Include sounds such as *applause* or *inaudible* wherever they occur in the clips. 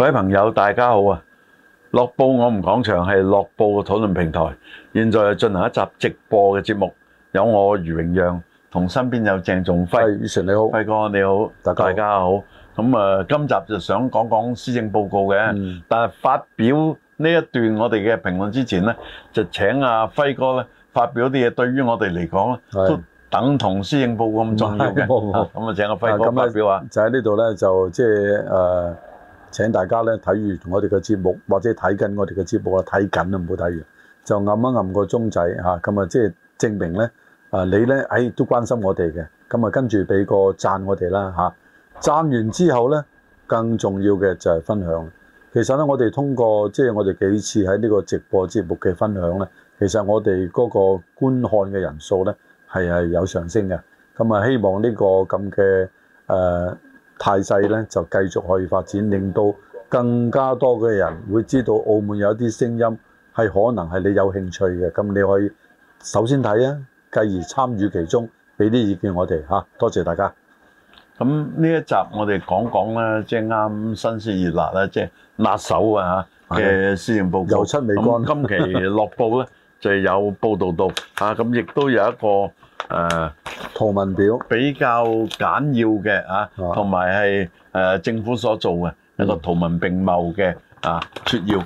各位朋友，大家好啊！樂布我唔講場，係樂布嘅討論平台。現在進行一集直播嘅節目，有我余榮耀，同身邊有鄭仲輝。余 s 你好，輝哥你好，大家好。咁啊，今集就想講講施政報告嘅。嗯、但係發表呢一段我哋嘅評論之前呢，就請阿、啊、輝哥咧發表啲嘢，對於我哋嚟講都等同施政報告咁重要嘅。咁啊，就請阿、啊、輝哥發表啊！就喺呢度呢，就即係誒。呃請大家咧睇完我哋嘅節目，或者睇緊我哋嘅節目啦，睇緊啊唔好睇完，就按一按個鐘仔，咁啊即係、嗯就是、證明咧啊、呃、你咧唉、哎、都關心我哋嘅，咁、嗯、啊跟住俾個讚我哋啦嚇，讚完之後咧，更重要嘅就係分享。其實咧，我哋通過即係、嗯、我哋幾次喺呢個直播節目嘅分享咧，其實我哋嗰個觀看嘅人數咧係係有上升嘅。咁、嗯、啊，希望呢、這個咁嘅誒。太細咧，就繼續可以發展，令到更加多嘅人會知道澳門有一啲聲音係可能係你有興趣嘅，咁你可以首先睇啊，繼而參與其中，俾啲意見我哋嚇。多謝大家。咁呢一集我哋講講啦，即係啱新鮮熱辣啦，即係辣手啊嘅施政報告。油出未乾。咁今期樂報咧 *laughs* 就有報導到啊，咁亦都有一個誒。呃圖文表比較簡要嘅啊，同埋係誒政府所做嘅一個圖文並茂嘅啊撮要。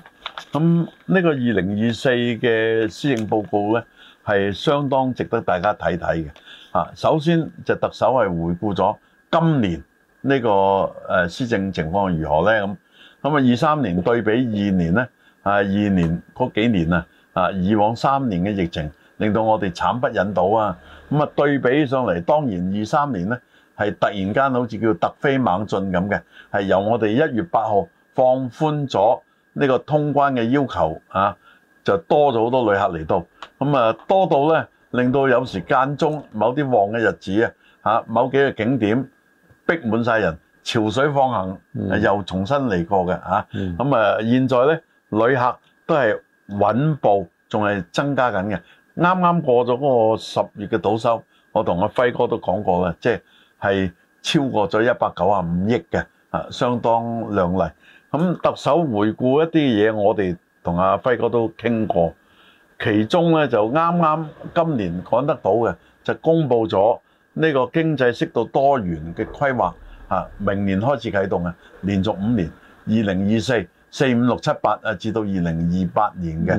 咁呢個二零二四嘅施政報告呢，係相當值得大家睇睇嘅。啊，首先就特首係回顧咗今年呢個誒施政情況如何呢？咁。咁啊二三年對比二年呢？啊二年嗰幾年啊啊以往三年嘅疫情。令到我哋慘不忍睹啊！咁啊，對比上嚟，當然二三年呢係突然間好似叫突飛猛進咁嘅，係由我哋一月八號放寬咗呢個通關嘅要求啊，就多咗好多旅客嚟到。咁啊，多到呢，令到有時間中某啲旺嘅日子啊，某幾個景點逼滿晒人，潮水放行又重新嚟過嘅嚇。咁啊，啊，現在呢，旅客都係穩步仲係增加緊嘅。啱啱過咗嗰個十月嘅賭收，我同阿輝哥都講過嘅，即係係超過咗一百九十五億嘅，啊，相當亮麗。咁特首回顧一啲嘢，我哋同阿輝哥都傾過，其中咧就啱啱今年講得到嘅，就公布咗呢個經濟適度多元嘅規劃，啊，明年開始啟動嘅，連續五年，二零二四，四五六七八啊，至到二零二八年嘅。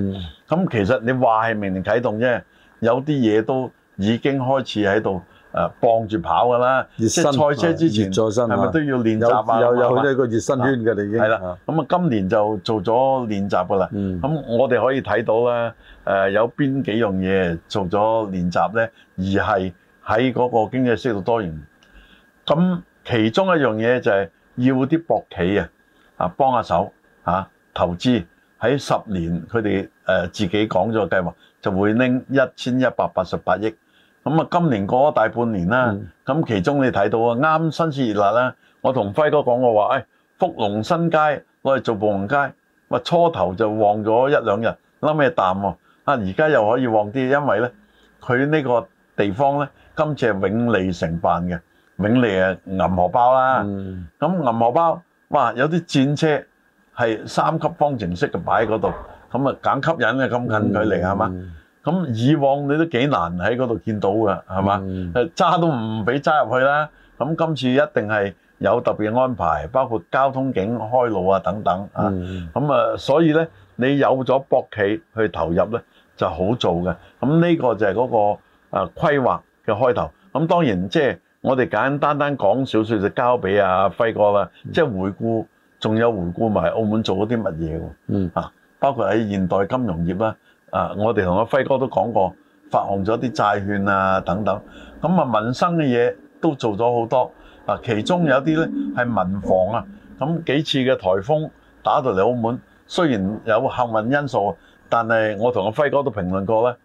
咁，嗯、其實你話係明年啟動啫，有啲嘢都已經開始喺度誒，幫、呃、住跑噶啦，身即係賽車之前，熱身係咪都要練習、啊、有有好多個熱身圈嗎你已經啦。咁啊，今年就做咗練習噶啦。咁、嗯、我哋可以睇到咧、呃，有邊幾樣嘢做咗練習咧，而係喺嗰個經濟適度多元。咁其中一樣嘢就係要啲博企啊，啊幫一下手。嚇！投資喺十年，佢哋誒自己講咗計劃，就會拎一千一百八十八億。咁啊，今年過咗大半年啦，咁其中你睇到啊，啱新市熱辣啦。我同輝哥講過話，誒，福隆新街攞嚟做步行街，話初頭就旺咗一兩日，冧咩淡喎？啊，而家又可以旺啲，因為咧，佢呢個地方咧，今次係永利承辦嘅，永利啊銀荷包啦。咁銀荷包，哇，有啲戰車。係三級方程式擺就擺喺嗰度，咁啊，揀吸引嘅咁近距離係嘛？咁、嗯、以往你都幾難喺嗰度見到㗎，係嘛？揸都唔俾揸入去啦。咁今次一定係有特別安排，包括交通警開路啊等等、嗯、啊。咁啊，所以咧你有咗博企去投入咧就好做嘅。咁呢個就係嗰、那個誒、呃、規劃嘅開頭。咁當然即係、就是、我哋簡單單講少少就交俾阿、啊、輝哥啦、啊，即係、嗯、回顧。仲有回顧埋澳門做嗰啲乜嘢喎？嗯、啊，包括喺現代金融業啦，啊，我哋同阿輝哥都講過發行咗啲債券啊等等。咁啊，民生嘅嘢都做咗好多。啊，其中有啲咧係民防啊。咁、啊、幾次嘅颱風打到嚟澳門，雖然有幸運因素，但係我同阿輝哥都評論過咧。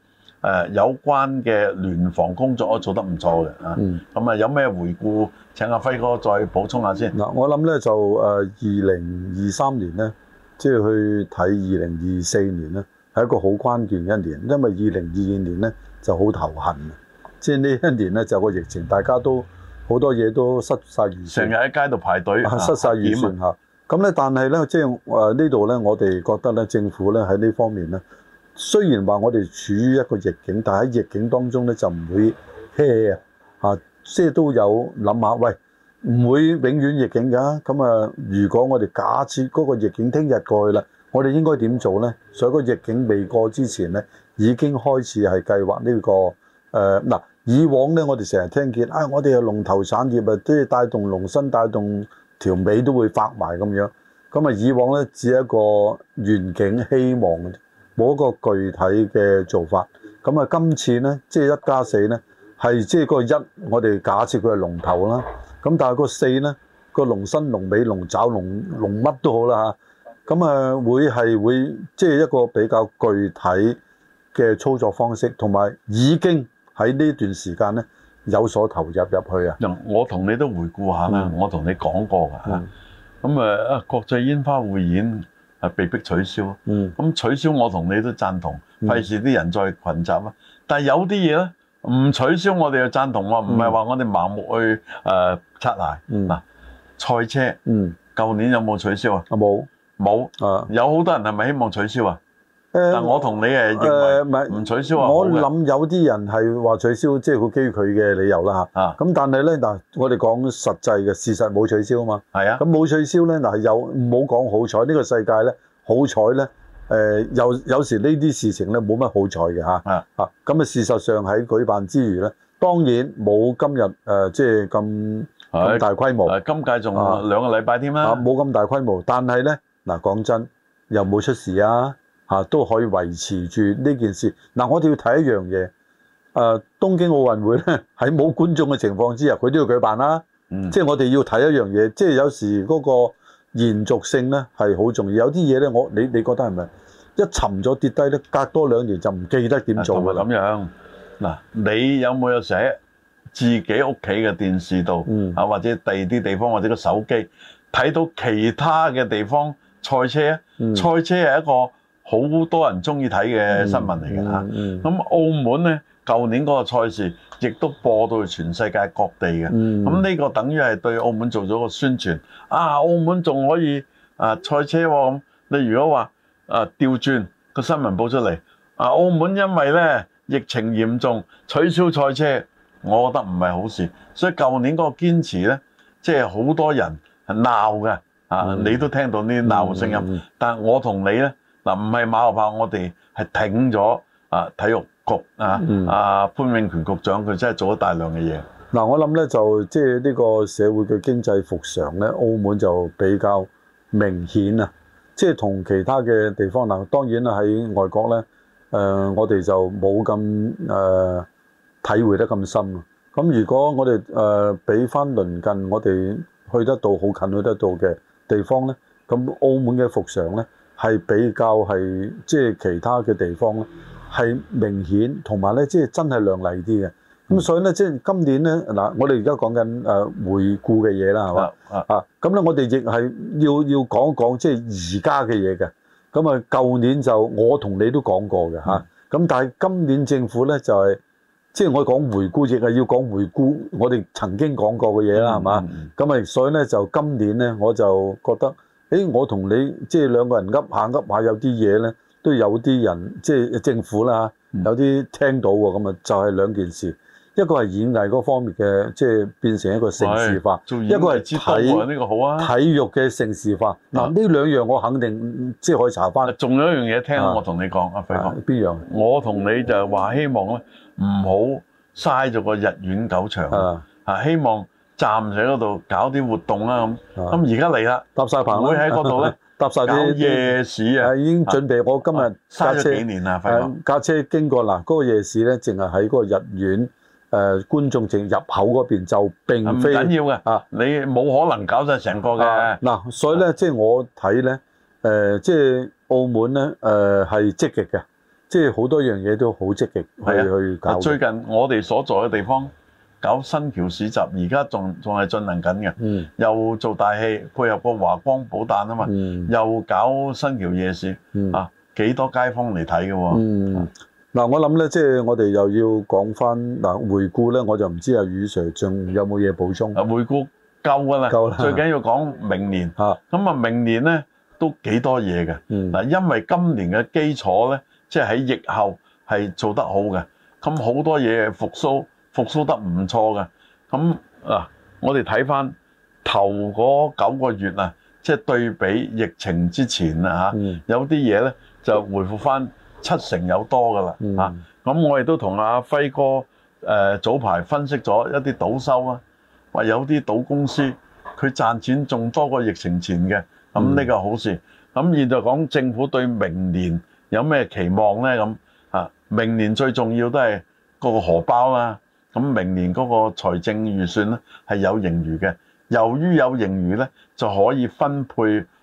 誒、啊、有關嘅聯防工作都做得唔錯嘅啊，咁啊、嗯、有咩回顧？請阿、啊、輝哥再補充下先。嗱、嗯，我諗咧就誒二零二三年咧，即、就、係、是、去睇二零二四年咧，係一個好關鍵一年，因為二零二二年咧就好頭痕，即係呢一年咧就有、是、個疫情，大家都好多嘢都失曬預算，成日喺街度排隊，啊、失曬預算嚇。咁咧，啊、但係咧，即、就、係、是呃、呢度咧，我哋覺得咧，政府咧喺呢方面咧。雖然話我哋處於一個逆境，但喺逆境當中咧就唔會 hea 啊！即係都有諗下，喂，唔會永遠逆境㗎。咁啊，如果我哋假設嗰個逆境聽日過去啦，我哋應該點做咧？所以個逆境未過之前咧，已經開始係計劃呢、呢個誒嗱、呃啊。以往咧，我哋成日聽見啊、哎，我哋係龍頭產業啊，即係帶動龍身、帶動條尾都會發埋咁樣。咁啊，以往咧只係一個願景、希望嗰個具體嘅做法，咁啊，今次呢，即係一加四呢，係即係嗰一，我哋假設佢係龍頭啦。咁但係個四呢，個龍身、龍尾、龍爪、龍龍乜都好啦嚇。咁啊，會係會即係一個比較具體嘅操作方式，同埋已經喺呢段時間呢有所投入入去啊。我同你都回顧下啦，嗯、我同你講過噶嚇。咁、嗯、啊，啊國際煙花匯演。係被逼取消，咁、嗯、取消我同你都贊同，費事啲人再群集，但有啲嘢咧，唔取消我哋要贊同喎，唔係話我哋盲目去誒擦鞋。嗱、呃，賽、嗯、車，嗯，舊年有冇取消啊？冇，冇有，有好、啊、多人係咪希望取消啊？誒，但係我同你誒，誒唔係唔取消啊！我諗有啲人係話取消，即係佢基於佢嘅理由啦吓。啊，咁但係咧，嗱，我哋講實際嘅事實冇取消啊嘛。係啊，咁冇取消咧，嗱係有，唔好講好彩。呢個世界咧，好彩咧，誒，有有時呢啲事情咧冇乜好彩嘅吓。啊，啊，咁啊，事實上喺舉辦之餘咧，當然冇今日誒，即係咁咁大規模。誒，今屆仲兩個禮拜添啦。啊，冇咁大規模，但係咧，嗱講真，又冇出事啊。嚇、啊、都可以維持住呢件事。嗱、啊，我哋要睇一樣嘢。誒、啊，東京奧運會咧，喺冇觀眾嘅情況之下，佢都要舉辦啦。嗯、即係我哋要睇一樣嘢，即係有時嗰個延續性咧係好重要。有啲嘢咧，我你你覺得係咪？一沉咗跌低咧，隔多兩年就唔記得點做啦。咁、啊就係、樣。嗱，你有冇有寫自己屋企嘅電視度？嗯、啊，或者第二啲地方，或者個手機睇到其他嘅地方賽車啊？嗯。賽車係、嗯、一個。好多人中意睇嘅新聞嚟嘅嚇，咁、嗯嗯嗯啊、澳門呢，舊年嗰個賽事亦都播到全世界各地嘅，咁呢、嗯啊呢個等於係對澳門做咗個宣傳啊！澳門仲可以啊賽車喎咁，你、啊、如果話啊調轉個新聞報出嚟啊，澳門因為呢疫情嚴重取消賽車，我覺得唔係好事，所以舊年嗰個堅持呢，即係好多人鬧嘅、嗯、啊，你都聽到呢啲鬧聲音，嗯嗯嗯、但我同你呢。嗱，唔係馬後炮，我哋係挺咗啊！體育局啊，啊潘永權局長佢真係做咗大量嘅嘢。嗱，我諗咧就即係呢個社會嘅經濟復常咧，澳門就比較明顯啊！即係同其他嘅地方嗱，當然啦喺外國咧，誒我哋就冇咁誒體會得咁深。咁如果我哋誒俾翻鄰近我哋去得到好近去得到嘅地方咧，咁澳門嘅復常咧，係比較係即係其他嘅地方咧，係明顯同埋咧，即係真係亮麗啲嘅。咁、嗯、所以咧，即係今年咧嗱，我哋而家講緊誒回顧嘅嘢啦，係嘛啊？咁咧吧，嗯、我哋亦係要要講一講即係而家嘅嘢嘅。咁啊，舊年就我同你都講過嘅嚇。咁、嗯啊、但係今年政府咧就係、是、即係我講回顧，亦係要講回顧我哋曾經講過嘅嘢啦，係嘛、嗯？咁啊，所以咧就今年咧我就覺得。誒、哎，我同你即係兩個人噏下噏下，有啲嘢咧，都有啲人即係政府啦，有啲聽到喎，咁啊就係、是、兩件事，一個係演藝嗰方面嘅，即係變成一個盛事化，是一個係體呢、啊這個好啊，體育嘅盛事化。嗱呢兩樣我肯定即係可以查翻。仲、啊、有一樣嘢聽我我跟你，我同你講，阿輝、啊、哥，邊樣哪？我同你就係話希望咧，唔好嘥咗個日短狗長啊！啊，希望。站住喺嗰度搞啲活動啦咁，咁而家嚟啦，搭晒棚喺嗰度咧，妹妹搞夜市啊、嗯！已經準備，我今日揸車幾、啊、年啦，架車經過嗱，嗰個夜市咧，淨係喺嗰個日苑誒、呃、觀眾正入口嗰邊，就並非、啊、緊要嘅啊！你冇可能搞晒成個嘅嗱、啊啊啊，所以咧即係我睇咧誒，即係澳門咧誒係積極嘅，即係好多樣嘢都好積極去、啊、去搞。最近我哋所在嘅地方。搞新橋市集，而家仲仲係進行緊嘅，嗯、又做大戲，配合個華光寶誕啊嘛，嗯、又搞新橋夜市、嗯、啊，幾多街坊嚟睇嘅喎？嗱、嗯的，我諗咧，即、就、係、是、我哋又要講翻嗱，回顧咧，我就唔知阿余 Sir 仲有冇嘢補充？啊，回顧夠啦，夠了，最緊要講明年，咁啊，明年咧都幾多嘢嘅嗱，嗯、因為今年嘅基礎咧，即係喺疫後係做得好嘅，咁好多嘢復甦。復甦得唔錯嘅，咁啊我哋睇翻頭嗰九個月啊，即係對比疫情之前啊、嗯、有啲嘢咧就回復翻七成有多㗎啦。咁我亦都同阿輝哥誒早排分析咗一啲賭收啊，話有啲賭公司佢賺錢仲多過疫情前嘅，咁呢個好事。咁現在講政府對明年有咩期望咧？咁啊，明年最重要都係個荷包啦。咁明年嗰個財政預算咧，係有盈餘嘅，由於有盈餘咧就可以分配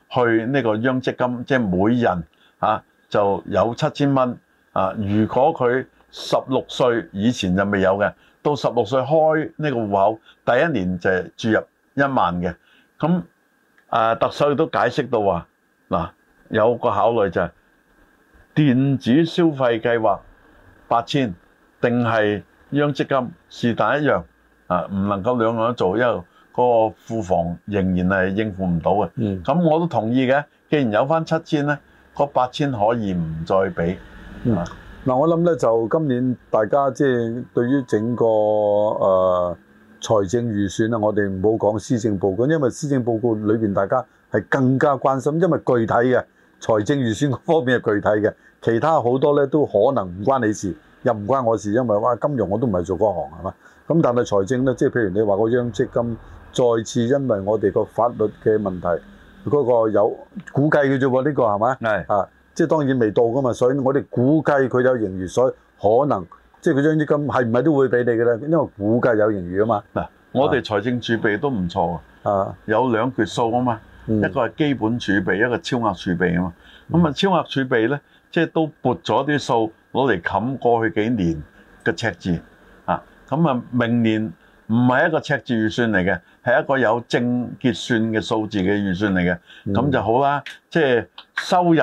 去呢個央積金，即係每人啊就有七千蚊啊。如果佢十六歲以前就未有嘅，到十六歲開呢個戶口，第一年就係注入一萬嘅。咁啊特首都解釋到啊，嗱，有個考慮就係電子消費計劃八千定係。央積金是但一樣，啊唔能夠兩樣做，因為嗰個庫房仍然係應付唔到嘅。咁、嗯、我都同意嘅。既然有返七千咧，嗰八千可以唔再俾。啊、嗯，嗱我諗咧就今年大家即係、就是、對於整個誒、呃、財政預算啊，我哋唔好講施政報告，因為施政報告裏邊大家係更加關心，因為具體嘅財政預算嗰方面係具體嘅，其他好多咧都可能唔關你事。又唔關我事，因為哇，金融我都唔係做嗰行係嘛，咁但係財政咧，即係譬如你話個央積金再次因為我哋個法律嘅問題，嗰、那個有估計嘅啫喎，呢、這個係嘛？係是 啊，即係當然未到㗎嘛，所以我哋估計佢有盈餘，所以可能即係佢央積金係唔係都會俾你嘅咧？因為估計有盈餘啊嘛。嗱，我哋財政儲備都唔錯啊，啊有兩橛數啊嘛，嗯、一個係基本儲備，一個超額儲備啊嘛。咁啊，超額儲備咧，即係都撥咗啲數。攞嚟冚過去幾年嘅赤字啊，咁啊明年唔係一個赤字預算嚟嘅，係一個有正結算嘅數字嘅預算嚟嘅，咁就好啦。即係收入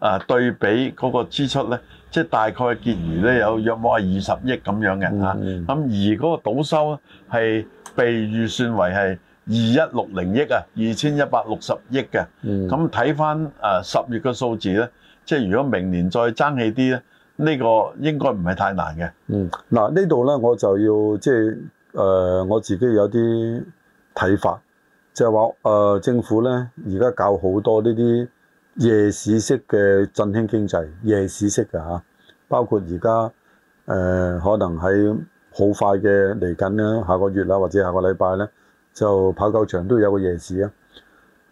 啊對比嗰個支出咧，即係大概結餘咧有約莫係二十億咁樣嘅嚇，咁而嗰個倒收咧係被預算為係二一六零億啊，二千一百六十億嘅。咁睇翻啊十月嘅數字咧，即係如果明年再爭氣啲咧。呢個應該唔係太難嘅。嗯，嗱呢度呢，我就要即係誒我自己有啲睇法，就係話誒政府呢，而家搞好多呢啲夜市式嘅振興經濟，夜市式嘅嚇、啊，包括而家誒可能喺好快嘅嚟緊啦，下個月啦或者下個禮拜呢，就跑狗場都有個夜市啊。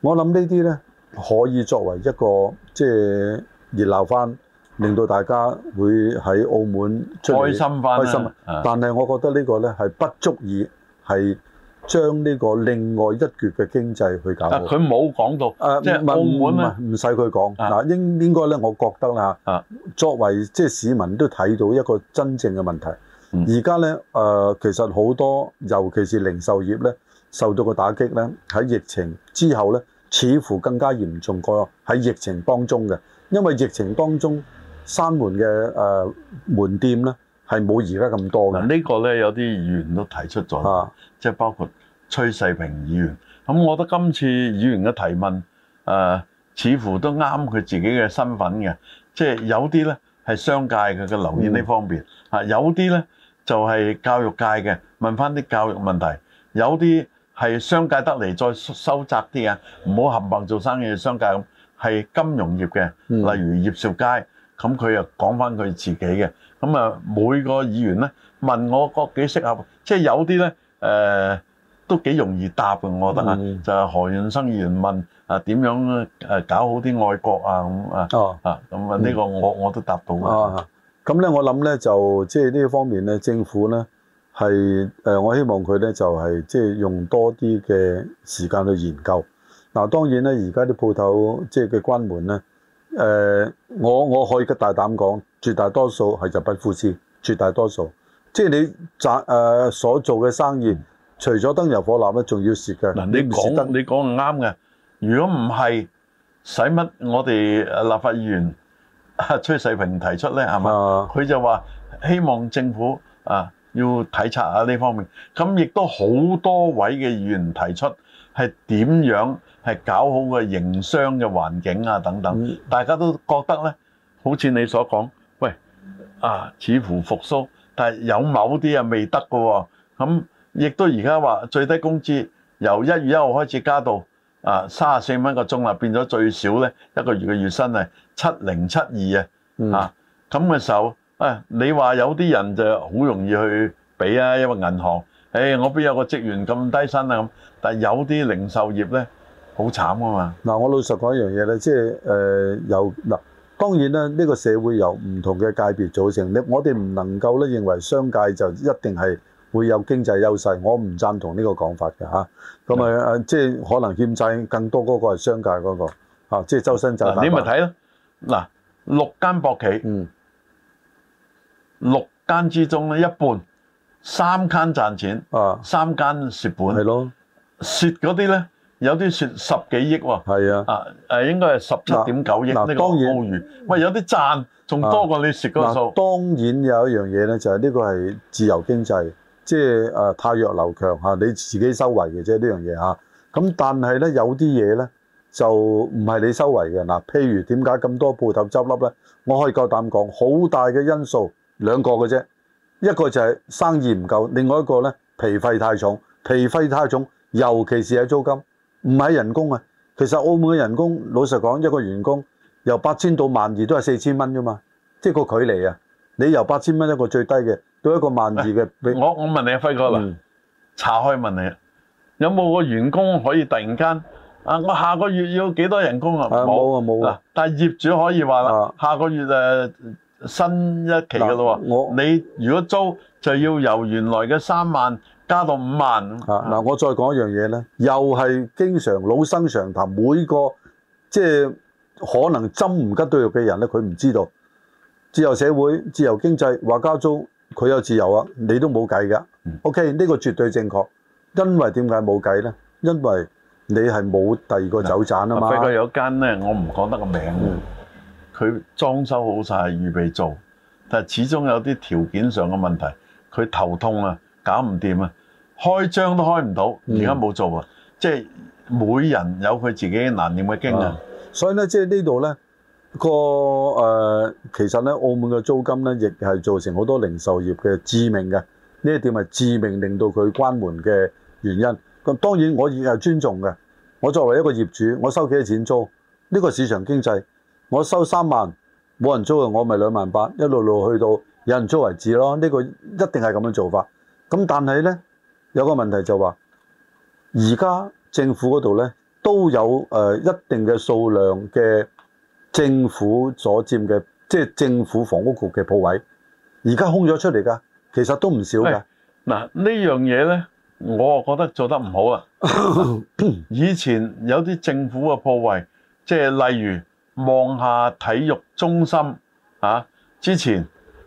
我諗呢啲呢，可以作為一個即係熱鬧返。就是令到大家會喺澳門最開心翻、啊，開心。但係我覺得呢個呢係不足以係將呢個另外一橛嘅經濟去搞。佢冇講到，啊、澳門唔使佢講。嗱是，應應該呢，我覺得啦是作為即、就是、市民都睇到一個真正嘅問題。而家、嗯、呢，誒、呃，其實好多，尤其是零售業呢，受到個打擊呢，喺疫情之後呢，似乎更加嚴重過喺疫情當中嘅，因為疫情當中。三門嘅誒門店咧，係冇而家咁多嘅。呢個咧有啲議員都提出咗，即係包括崔世平議員。咁我覺得今次議員嘅提問誒，似乎都啱佢自己嘅身份嘅。即係有啲咧係商界佢嘅留意呢方面，嚇有啲咧就係教育界嘅問翻啲教育問題，有啲係商界得嚟再收窄啲啊，唔好冚唪唥做生意嘅商界咁。係金融業嘅，例如葉兆佳。咁佢又講翻佢自己嘅，咁啊每個議員咧問我個幾適合，即係有啲咧誒都幾容易答嘅，我覺得啊，嗯、就係何潤生議員問啊點樣誒搞好啲愛國啊咁啊，啊咁啊呢個我、嗯、我都答到，啊咁咧我諗咧就即係呢方面咧政府咧係誒我希望佢咧就係即係用多啲嘅時間去研究。嗱、啊、當然咧而家啲鋪頭即係佢關門咧。誒、呃，我我可以嘅，大膽講，絕大多數係入不敷支，絕大多數，即係你賺誒所做嘅生意，除咗燈油火蠟咧，仲要蝕嘅。嗱說，的你講你講係啱嘅，如果唔係，使乜我哋立法議員、啊、崔世平提出咧，係嘛？佢吧就話希望政府啊要體察下呢方面，咁亦都好多位嘅議員提出係點樣？係搞好個營商嘅環境啊，等等，大家都覺得咧，好似你所講，喂啊，似乎復甦，但係有某啲啊未得嘅喎。咁亦都而家話最低工資由一月一號開始加到啊三十四蚊個鐘啦，變咗最少咧一個月嘅月薪係七零七二啊。啊咁嘅時候誒，你話有啲人就好容易去俾啊，因為銀行，誒我邊有個職員咁低薪啊咁，但係有啲零售業咧。好慘噶嘛！嗱、啊，我老實講一樣嘢咧，即係誒有嗱，當然咧呢個社會由唔同嘅界別組成，你我哋唔能夠咧認為商界就一定係會有經濟優勢，我唔贊同呢個講法嘅嚇。咁啊誒，即係的、啊就是、可能欠債更多嗰個係商界嗰、嗰個即係、啊就是、周身就你咪睇咯。嗱，六間博企，嗯，六間之中咧一半三間賺錢，啊，三間蝕本，係咯的，蝕嗰啲咧。有啲蝕十幾億喎，係啊，啊誒應該係十一點九億呢個澳元，喂有啲賺仲多過你蝕嗰個數。當然有一樣嘢咧，就係呢個係自由經濟，即係誒汰弱留強嚇，你自己收穫嘅啫呢樣嘢嚇。咁但係咧有啲嘢咧就唔係你收穫嘅。嗱，譬如點解咁多鋪頭執笠咧？我可以夠膽講，好大嘅因素兩個嘅啫，一個就係生意唔夠，另外一個咧皮費太重，皮費太重，尤其是喺租金。唔係人工啊！其實澳門嘅人工，老實講，一個員工由八千到萬二都係四千蚊啫嘛，即係個距離啊！你由八千蚊一個最低嘅，到一個萬二嘅，我我問你啊，輝哥啊，嗯、查開問你，有冇個員工可以突然間啊，我下個月要幾多人工啊？冇啊冇！嗱有，沒有，但係業主可以話啦、啊、下個月誒、呃、新一期嘅咯喎，我你如果租就要由原來嘅三萬。加到五萬啊！嗱，我再講一樣嘢咧，又係經常老生常談。每個即係可能針唔吉都要畀人咧，佢唔知道自由社會、自由經濟話交租，佢有自由啊，你都冇計㗎。嗯、OK，呢個絕對正確，因為點解冇計咧？因為你係冇第二個走盞啊嘛。費、啊、過有間咧，我唔講得個名，佢裝修好晒預備做，但係始終有啲條件上嘅問題，佢頭痛啊！搞唔掂啊！開張都開唔到，而家冇做啊！嗯、即係每人有佢自己難念嘅經啊、嗯！所以咧，即係呢度咧個誒、呃，其實咧，澳門嘅租金咧，亦係造成好多零售業嘅致命嘅呢一點係致命，令到佢關門嘅原因。咁當然我亦係尊重嘅。我作為一個業主，我收幾多錢租？呢、呢個市場經濟，我收三萬冇人租啊，我咪兩萬八一路路去到有人租為止咯。呢、呢個一定係咁樣做法。咁但係咧，有個問題就話，而家政府嗰度咧都有誒一定嘅數量嘅政府所佔嘅，即係政府房屋局嘅鋪位，而家空咗出嚟㗎，其實都唔少㗎。嗱，哎，呢樣嘢咧，我覺得做得唔好啊。以前有啲政府嘅鋪位，即係例如望下體育中心啊，之前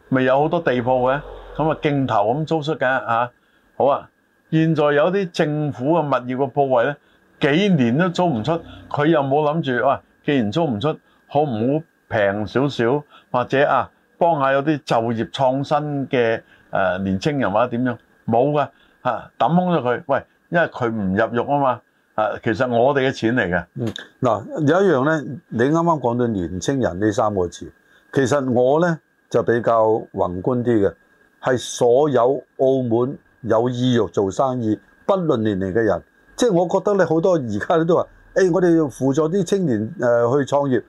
咪有好多地鋪嘅。咁啊，鏡頭咁租出嘅嚇，好啊！現在有啲政府嘅物業嘅鋪位咧，幾年都租唔出，佢又冇諗住哇！既然租唔出，好唔好平少少，或者啊，幫下有啲就業創新嘅誒年青人或者點樣？冇噶嚇，抌空咗佢。喂，因為佢唔入獄啊嘛嚇，其實我哋嘅錢嚟嘅。嗯，嗱有一樣咧，你啱啱講到年青人呢三個字，其實我咧就比較宏觀啲嘅。係所有澳門有意欲做生意，不論年齡嘅人，即係我覺得你好多而家都話，誒、哎、我哋要輔助啲青年誒去創業，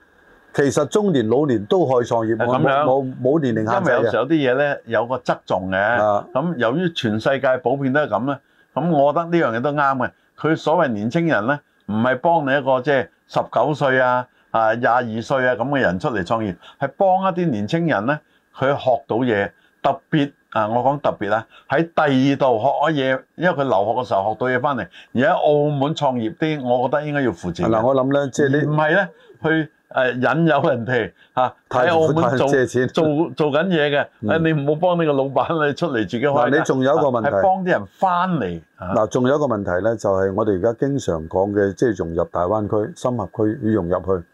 其實中年老年都可以創業，冇冇年齡限制，因為有時候有啲嘢咧有，呢有個側重嘅。咁、啊、由於全世界普遍都係咁咧，咁我覺得呢樣嘢都啱嘅。佢所謂年青人咧，唔係幫你一個即係十九歲啊啊廿二歲啊咁嘅人出嚟創業，係幫一啲年青人咧，佢學到嘢，特別。啊！我講特別啊，喺第二度學咗嘢，因為佢留學嘅時候學到嘢翻嚟，而喺澳門創業啲，我覺得應該要負責嗱，我諗咧，即係你唔係咧去誒、呃、引誘人哋嚇喺澳門做借錢做做緊嘢嘅誒？你唔好幫你個老闆你出嚟自己開。你仲有一個問題，係幫啲人翻嚟嗱。仲、嗯、有一個問題咧，就係、是、我哋而家經常講嘅，即、就、係、是、融入大灣區、深合區要融入去。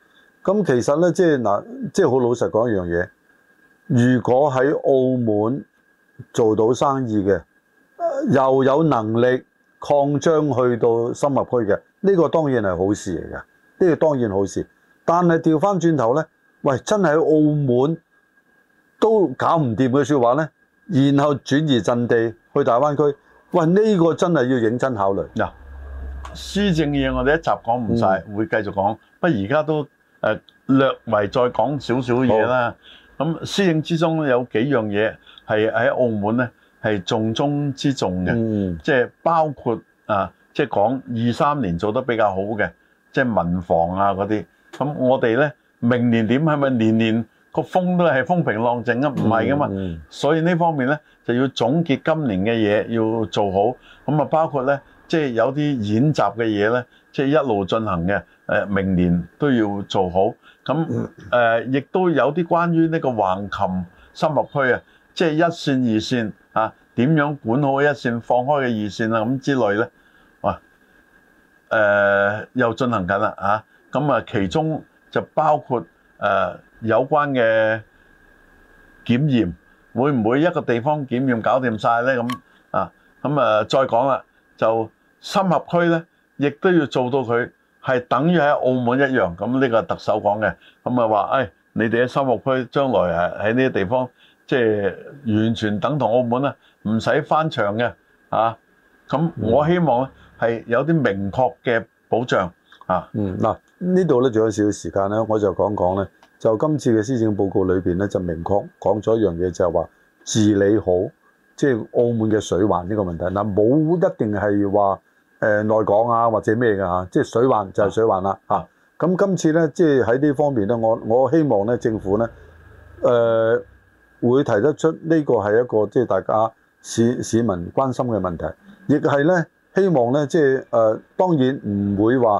咁其實咧，即係嗱，即係好老實講一樣嘢，如果喺澳門。做到生意嘅、呃，又有能力擴張去到深入區嘅，呢、這個當然係好事嚟嘅，呢、這個當然好事。但係調翻轉頭呢，喂，真係喺澳門都搞唔掂嘅說話呢，然後轉移陣地去大灣區，喂，呢、這個真係要認真考慮。嗱，施政嘢我哋一集講唔晒，嗯、會繼續講。不過而家都誒略為再講少少嘢啦。咁施政之中有幾樣嘢。係喺澳門咧，係重中之重嘅，即係包括啊，即係講二三年做得比較好嘅，即係民防啊嗰啲。咁我哋咧，明年點，係咪年年個風都係風平浪靜啊？唔係噶嘛，所以呢方面咧就要總結今年嘅嘢，要做好。咁啊，包括咧即係有啲演習嘅嘢咧，即係一路進行嘅。誒，明年都要做好。咁誒，亦都有啲關於呢個橫琴生物區啊。即係一線二線啊，點樣管好一線，放開嘅二線啊，咁之類咧，哇，誒、呃、又進行緊啦啊，咁啊其中就包括誒、啊、有關嘅檢驗，會唔會一個地方檢驗搞掂晒咧？咁啊，咁啊，啊再講啦，就深合區咧，亦都要做到佢係等於喺澳門一樣，咁呢個特首講嘅，咁啊話誒，你哋喺深合區將來誒喺呢啲地方。即係完全等同澳門啦，唔使翻牆嘅啊！咁我希望咧係、嗯、有啲明確嘅保障啊。嗯，嗱呢度咧仲有少少時間咧，我就講一講咧。就今次嘅施政報告裏邊咧，就明確講咗一樣嘢，就係、是、話治理好即係、就是、澳門嘅水患呢個問題。嗱、啊，冇一定係話誒內港啊，或者咩㗎嚇，即、啊、係、就是、水患就係水患啦嚇。咁、嗯啊、今次咧，即係喺呢方面咧，我我希望咧政府咧誒。呃會提得出呢個係一個即係大家市市民關心嘅問題，亦係呢希望呢即係誒當然唔會話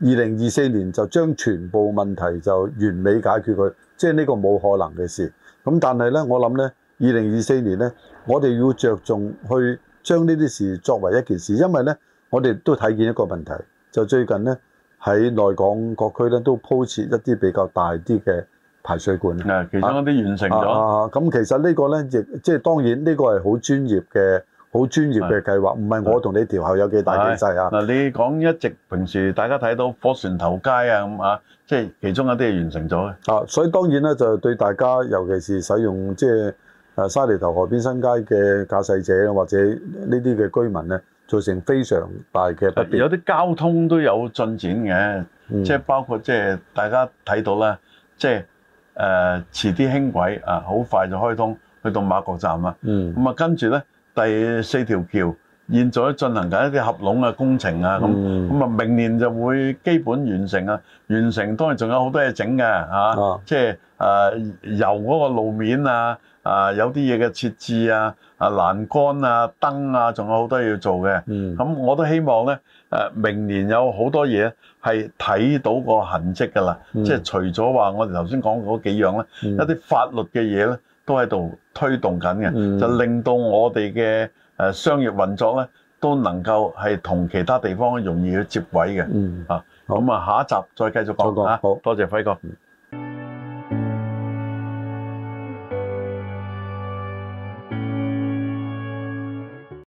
二零二四年就將全部問題就完美解決佢，即係呢個冇可能嘅事。咁但係呢，我諗呢二零二四年呢，我哋要着重去將呢啲事作為一件事，因為呢，我哋都睇見一個問題，就最近呢，喺內港各區呢都鋪設一啲比較大啲嘅。排水管啊，其中一啲完成咗。咁、啊啊啊啊啊、其實呢個呢個咧，亦即係當然呢個係好專業嘅、好專業嘅計劃，唔係是我同你調校有幾大幾細啊。嗱、啊，你講一直平時大家睇到火船頭街啊咁啊，即係其中一啲係完成咗嘅。啊，所以當然咧就對大家，尤其是使用即係誒、啊、沙梨頭河邊新街嘅駕駛者或者呢啲嘅居民咧，造成非常大嘅不便。有啲交通都有進展嘅、嗯，即係包括即係大家睇到咧，即係。誒、呃、遲啲輕軌啊，好快就開通去到媽閣站，嗯，咁啊跟住咧第四條橋現在進行緊一啲合攏嘅工程、嗯、啊，咁咁啊明年就會基本完成啊。完成當然仲有好多嘢整嘅，即係誒由嗰個路面啊，啊有啲嘢嘅設置啊，啊欄杆啊、燈啊，仲有好多嘢要做嘅。嗯，咁、啊、我都希望咧。誒，明年有好多嘢係睇到個痕跡噶啦，即係除咗話我哋頭先講嗰幾樣咧，嗯、一啲法律嘅嘢咧都喺度推動緊嘅，嗯、就令到我哋嘅誒商業運作咧都能夠係同其他地方容易去接軌嘅。咁、嗯、啊下一集再繼續講吓，好，多謝輝哥。